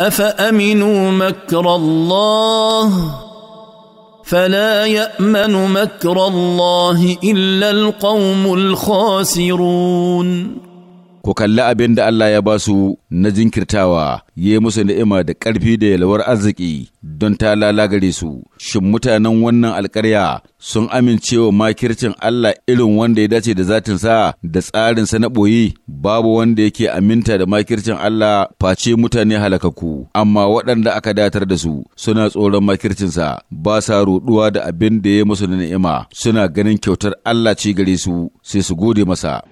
افامنوا مكر الله فلا يامن مكر الله الا القوم الخاسرون ku kalli abin da Allah ya ba su na jinkirtawa, ya yi musu ni'ima da ƙarfi da yalwar arziki don ta lalagare su, shin mutanen wannan alƙarya sun amincewa makircin Allah irin wanda ya dace da zatinsa da tsarinsa na ɓoyi, babu wanda yake aminta da makircin Allah face mutane halakaku, amma waɗanda aka datar da su suna tsoron makircinsa ba sa roɗuwa da abin da ya musu ni'ima, suna ganin kyautar Allah ce gare su sai su gode masa.